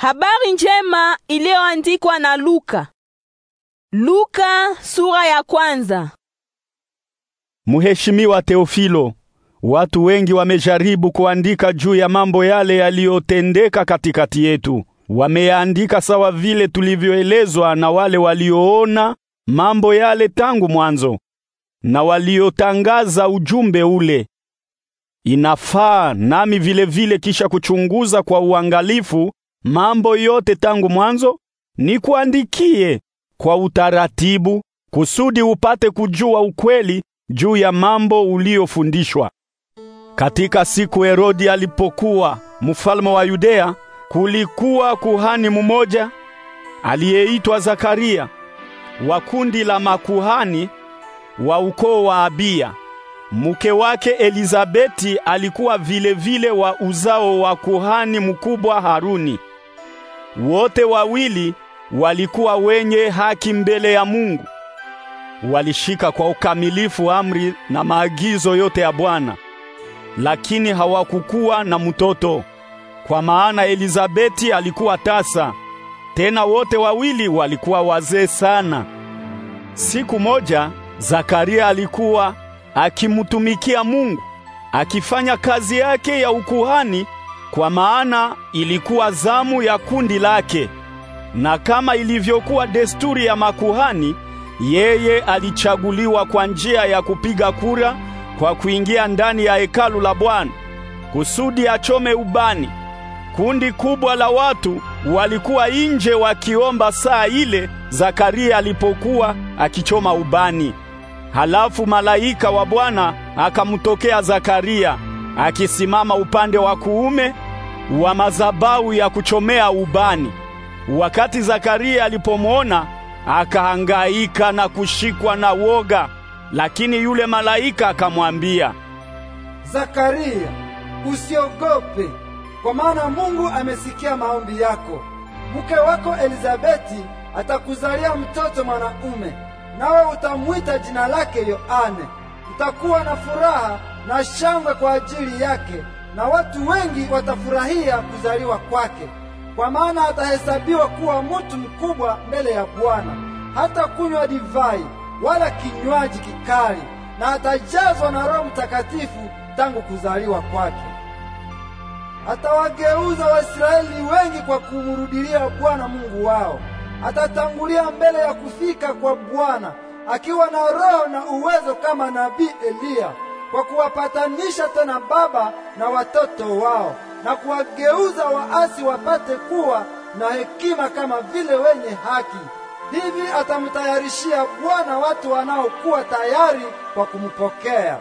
Habari njema iliyoandikwa na Luka. Luka sura ya kwanza. Mheshimiwa Teofilo, watu wengi wamejaribu kuandika juu ya mambo yale yaliyotendeka katikati yetu. Wameandika sawa vile tulivyoelezwa na wale walioona mambo yale tangu mwanzo na waliotangaza ujumbe ule. Inafaa nami vile vile, kisha kuchunguza kwa uangalifu mambo yote tangu mwanzo, nikuandikie kwa utaratibu kusudi upate kujua ukweli juu ya mambo uliyofundishwa. Katika siku Herodi alipokuwa mfalme wa Yudea, kulikuwa kuhani mmoja aliyeitwa Zakaria wa kundi la makuhani wa ukoo wa Abia. Mke wake Elizabeti alikuwa vilevile vile wa uzao wa kuhani mkubwa Haruni. Wote wawili walikuwa wenye haki mbele ya Mungu. Walishika kwa ukamilifu amri na maagizo yote ya Bwana, lakini hawakukuwa na mtoto, kwa maana Elizabeti alikuwa tasa, tena wote wawili walikuwa wazee sana. Siku moja Zakaria alikuwa akimtumikia Mungu, akifanya kazi yake ya ukuhani kwa maana ilikuwa zamu ya kundi lake. Na kama ilivyokuwa desturi ya makuhani, yeye alichaguliwa kwa njia ya kupiga kura kwa kuingia ndani ya hekalu la Bwana kusudi achome ubani. Kundi kubwa la watu walikuwa nje wakiomba saa ile Zakaria alipokuwa akichoma ubani. Halafu malaika wa Bwana akamtokea Zakaria akisimama upande wa kuume wa mazabau ya kuchomea ubani. Wakati Zakaria alipomwona akahangaika na kushikwa na woga, lakini yule malaika akamwambia, Zakaria, usiogope, kwa maana Mungu amesikia maombi yako. Mke wako Elizabeti atakuzalia mtoto mwanaume, nawe utamwita jina lake Yohane. Utakuwa na furaha na shangwe kwa ajili yake, na watu wengi watafurahia kuzaliwa kwake, kwa maana atahesabiwa kuwa mtu mkubwa mbele ya Bwana. Hata kunywa divai wala kinywaji kikali, na atajazwa na Roho Mtakatifu tangu kuzaliwa kwake. Atawageuza Waisraeli wengi kwa kumrudilia Bwana Mungu wao. Atatangulia mbele ya kufika kwa Bwana akiwa na roho na uwezo kama nabii Eliya kwa kuwapatanisha tena baba na watoto wao na kuwageuza waasi wapate kuwa na hekima kama vile wenye haki. Hivi atamtayarishia Bwana watu wanaokuwa tayari kwa kumpokea.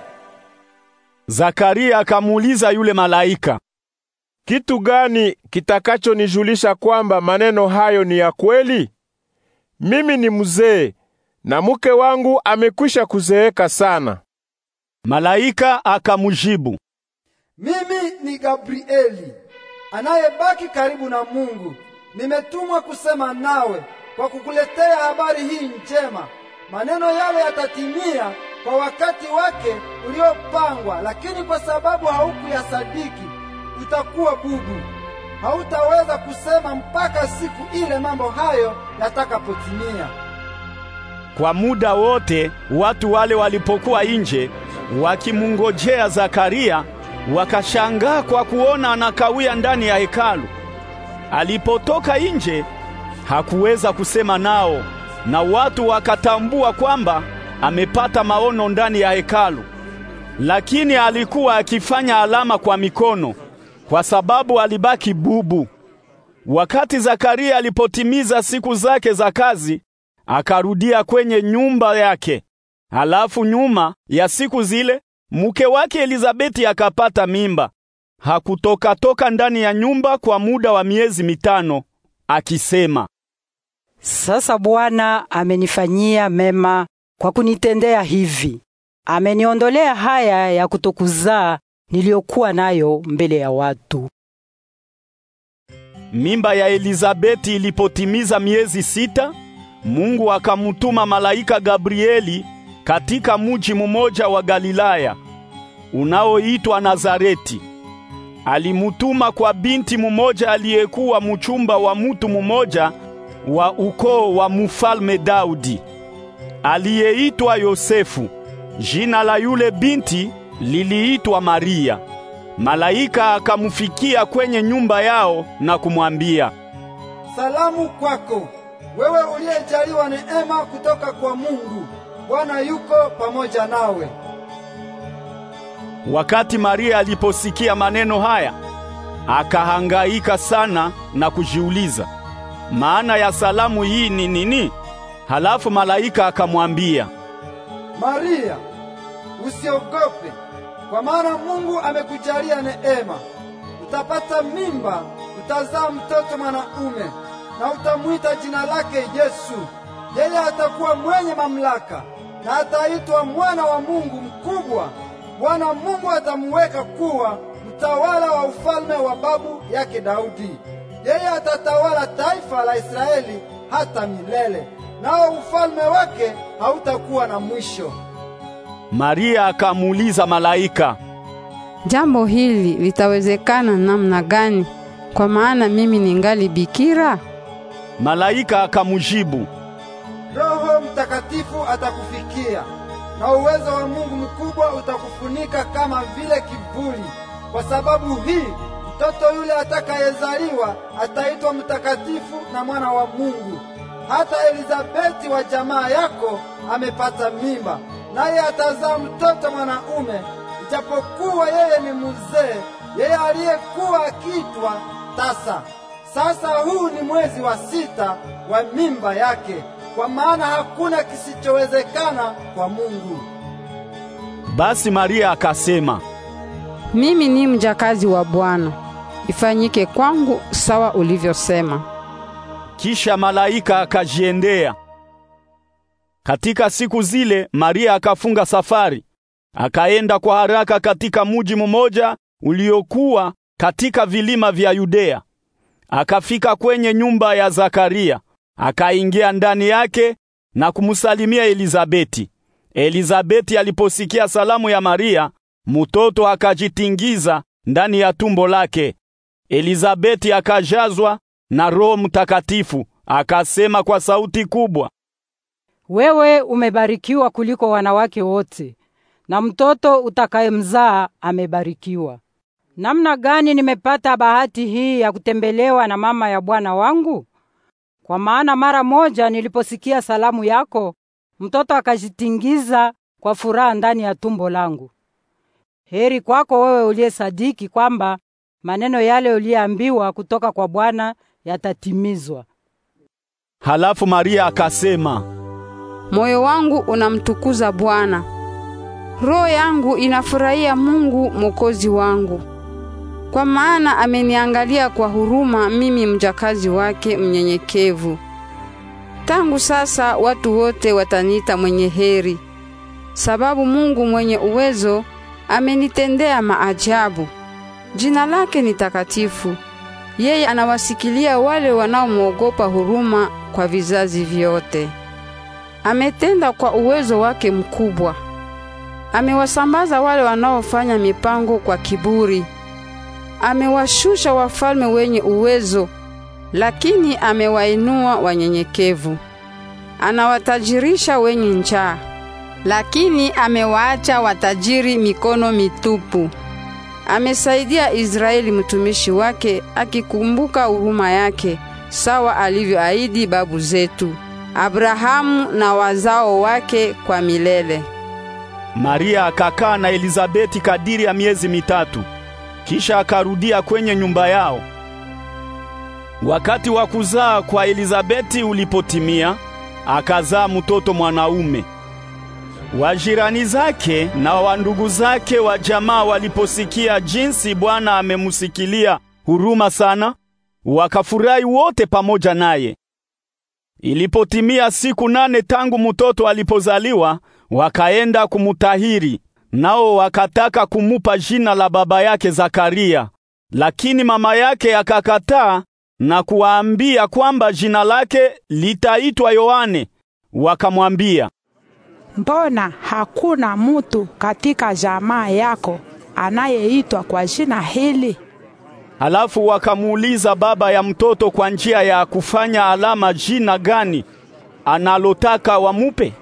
Zakaria akamuuliza yule malaika, kitu gani kitakachonijulisha kwamba maneno hayo ni ya kweli? Mimi ni mzee na mke wangu amekwisha kuzeeka sana. Malaika akamjibu, mimi ni Gabrieli anayebaki karibu na Mungu. Nimetumwa kusema nawe kwa kukuletea habari hii njema. Maneno yale yatatimia kwa wakati wake uliopangwa, lakini kwa sababu haukuyasadiki utakuwa bubu. Hautaweza kusema mpaka siku ile mambo hayo yatakapotimia. Kwa muda wote watu wale walipokuwa nje wakimungojea Zakaria, wakashangaa kwa kuona anakawia ndani ya hekalu. Alipotoka nje hakuweza kusema nao, na watu wakatambua kwamba amepata maono ndani ya hekalu. Lakini alikuwa akifanya alama kwa mikono, kwa sababu alibaki bubu. Wakati Zakaria alipotimiza siku zake za kazi, akarudia kwenye nyumba yake. Halafu nyuma ya siku zile mke wake Elizabeti akapata mimba. Hakutoka toka ndani ya nyumba kwa muda wa miezi mitano akisema, sasa Bwana amenifanyia mema kwa kunitendea hivi. Ameniondolea haya ya kutokuzaa niliyokuwa nayo mbele ya watu. Mimba ya Elizabeti ilipotimiza miezi sita, Mungu akamutuma malaika Gabrieli katika muji mmoja wa Galilaya unaoitwa Nazareti. Alimutuma kwa binti mmoja aliyekuwa mchumba wa mutu mmoja wa ukoo wa mfalme Daudi aliyeitwa Yosefu. Jina la yule binti liliitwa Maria. Malaika akamfikia kwenye nyumba yao na kumwambia, Salamu kwako wewe uliyejaliwa neema kutoka kwa Mungu. Bwana yuko pamoja nawe. Wakati Maria aliposikia maneno haya, akahangaika sana na kujiuliza, maana ya salamu hii ni nini? Halafu malaika akamwambia, Maria, usiogope, kwa maana Mungu amekujalia neema. Utapata mimba, utazaa mtoto mwanaume, na utamwita jina lake Yesu. Yeye atakuwa mwenye mamlaka na ataitwa mwana wa Mungu mkubwa. Bwana Mungu atamuweka kuwa mtawala wa ufalme wa babu yake Daudi. Yeye atatawala taifa la Israeli hata milele, nao ufalme wake hautakuwa na mwisho. Maria akamuuliza malaika, jambo hili litawezekana namna gani? Kwa maana mimi ningali bikira. Malaika akamjibu Mtakatifu atakufikia na uwezo wa Mungu mkubwa utakufunika kama vile kivuli. Kwa sababu hii mtoto yule atakayezaliwa ataitwa mtakatifu na mwana wa Mungu. Hata Elizabeti wa jamaa yako amepata mimba, naye atazaa mtoto mwanaume, ijapokuwa yeye ni muzee, yeye aliyekuwa akiitwa tasa. Sasa huu ni mwezi wa sita wa mimba yake kwa maana hakuna kisichowezekana kwa Mungu. Basi Maria akasema, mimi ni mjakazi wa Bwana, ifanyike kwangu sawa ulivyosema. Kisha malaika akajiendea. Katika siku zile Maria akafunga safari, akaenda kwa haraka katika muji mmoja uliokuwa katika vilima vya Yudea. Akafika kwenye nyumba ya Zakaria akaingia ndani yake na kumsalimia Elizabeti. Elizabeti aliposikia salamu ya Maria, mtoto akajitingiza ndani ya tumbo lake. Elizabeti akajazwa na Roho Mtakatifu, akasema kwa sauti kubwa, wewe umebarikiwa kuliko wanawake wote, na mtoto utakayemzaa amebarikiwa. Namna gani nimepata bahati hii ya kutembelewa na mama ya Bwana wangu? Kwa maana mara moja niliposikia salamu yako, mtoto akajitingiza kwa furaha ndani ya tumbo langu. Heri kwako wewe uliyesadiki kwamba maneno yale uliambiwa kutoka kwa Bwana yatatimizwa. Halafu Maria akasema, moyo wangu unamtukuza Bwana, roho yangu inafurahia Mungu mwokozi wangu kwa maana ameniangalia kwa huruma mimi mjakazi wake mnyenyekevu. Tangu sasa watu wote wataniita mwenye heri, sababu Mungu mwenye uwezo amenitendea maajabu. Jina lake ni takatifu. Yeye anawasikilia wale wanaomwogopa huruma kwa vizazi vyote. Ametenda kwa uwezo wake mkubwa. Amewasambaza wale wanaofanya mipango kwa kiburi. Amewashusha wafalme wenye uwezo, lakini amewainua wanyenyekevu. Anawatajirisha wenye njaa, lakini amewaacha watajiri mikono mitupu. Amesaidia Israeli mtumishi wake, akikumbuka huruma yake, sawa alivyoahidi babu zetu Abrahamu na wazao wake kwa milele. Maria akakaa na Elizabeti kadiri ya miezi mitatu kisha akarudia kwenye nyumba yao. Wakati wa kuzaa kwa Elizabeti ulipotimia, akazaa mtoto mwanaume. Wajirani zake na wandugu zake wa jamaa waliposikia jinsi Bwana amemusikilia huruma sana, wakafurahi wote pamoja naye. Ilipotimia siku nane tangu mtoto alipozaliwa, wakaenda kumutahiri nao wakataka kumupa jina la baba yake Zakaria, lakini mama yake akakataa na kuwaambia kwamba jina lake litaitwa Yohane. Wakamwambia, mbona hakuna mtu katika jamaa yako anayeitwa kwa jina hili? Halafu wakamuuliza baba ya mtoto kwa njia ya kufanya alama jina gani analotaka wamupe.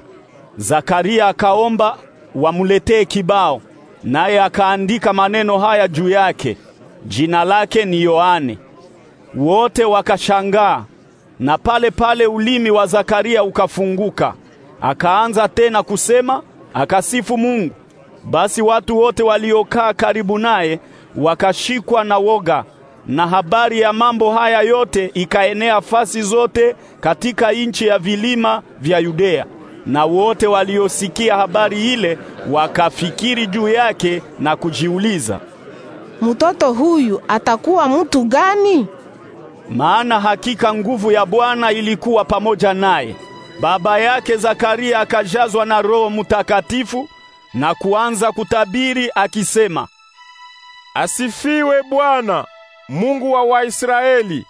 Zakaria akaomba wamuletee kibao, naye akaandika maneno haya juu yake, jina lake ni Yohane. Wote wakashangaa, na pale pale ulimi wa Zakaria ukafunguka, akaanza tena kusema, akasifu Mungu. Basi watu wote waliokaa karibu naye wakashikwa na woga, na habari ya mambo haya yote ikaenea fasi zote katika nchi ya vilima vya Yudea na wote waliosikia habari ile wakafikiri juu yake na kujiuliza, mtoto huyu atakuwa mtu gani? Maana hakika nguvu ya Bwana ilikuwa pamoja naye. Baba yake Zakaria akajazwa na Roho Mtakatifu na kuanza kutabiri akisema, Asifiwe Bwana Mungu wa Waisraeli,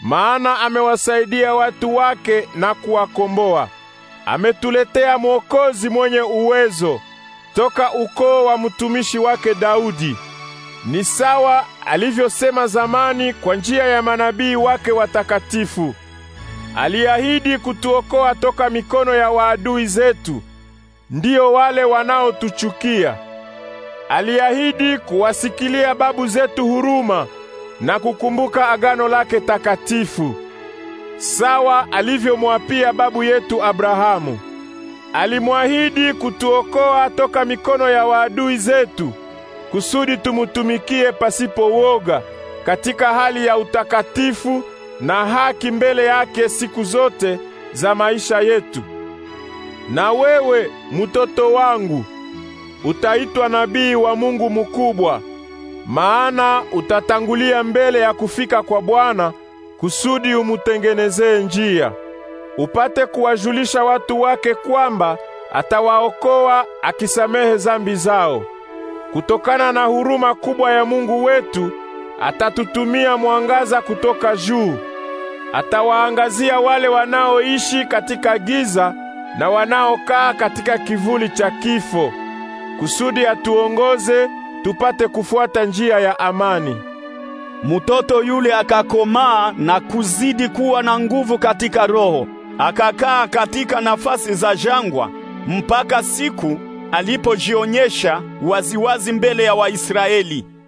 maana amewasaidia watu wake na kuwakomboa ametuletea mwokozi mwenye uwezo toka ukoo wa mtumishi wake Daudi. Ni sawa alivyosema zamani kwa njia ya manabii wake watakatifu. Aliahidi kutuokoa toka mikono ya waadui zetu, ndio wale wanaotuchukia. Aliahidi kuwasikilia babu zetu huruma na kukumbuka agano lake takatifu sawa alivyomwapia babu yetu Abrahamu. Alimwahidi kutuokoa toka mikono ya waadui zetu kusudi tumutumikie pasipo woga katika hali ya utakatifu na haki mbele yake siku zote za maisha yetu. Na wewe mtoto wangu utaitwa nabii wa Mungu mkubwa, maana utatangulia mbele ya kufika kwa Bwana kusudi umutengenezee njia, upate kuwajulisha watu wake kwamba atawaokoa akisamehe zambi zao. Kutokana na huruma kubwa ya Mungu wetu, atatutumia mwangaza kutoka juu. Atawaangazia wale wanaoishi katika giza na wanaokaa katika kivuli cha kifo, kusudi atuongoze tupate kufuata njia ya amani. Mtoto yule akakomaa na kuzidi kuwa na nguvu katika roho, akakaa katika nafasi za jangwa mpaka siku alipojionyesha waziwazi mbele ya Waisraeli.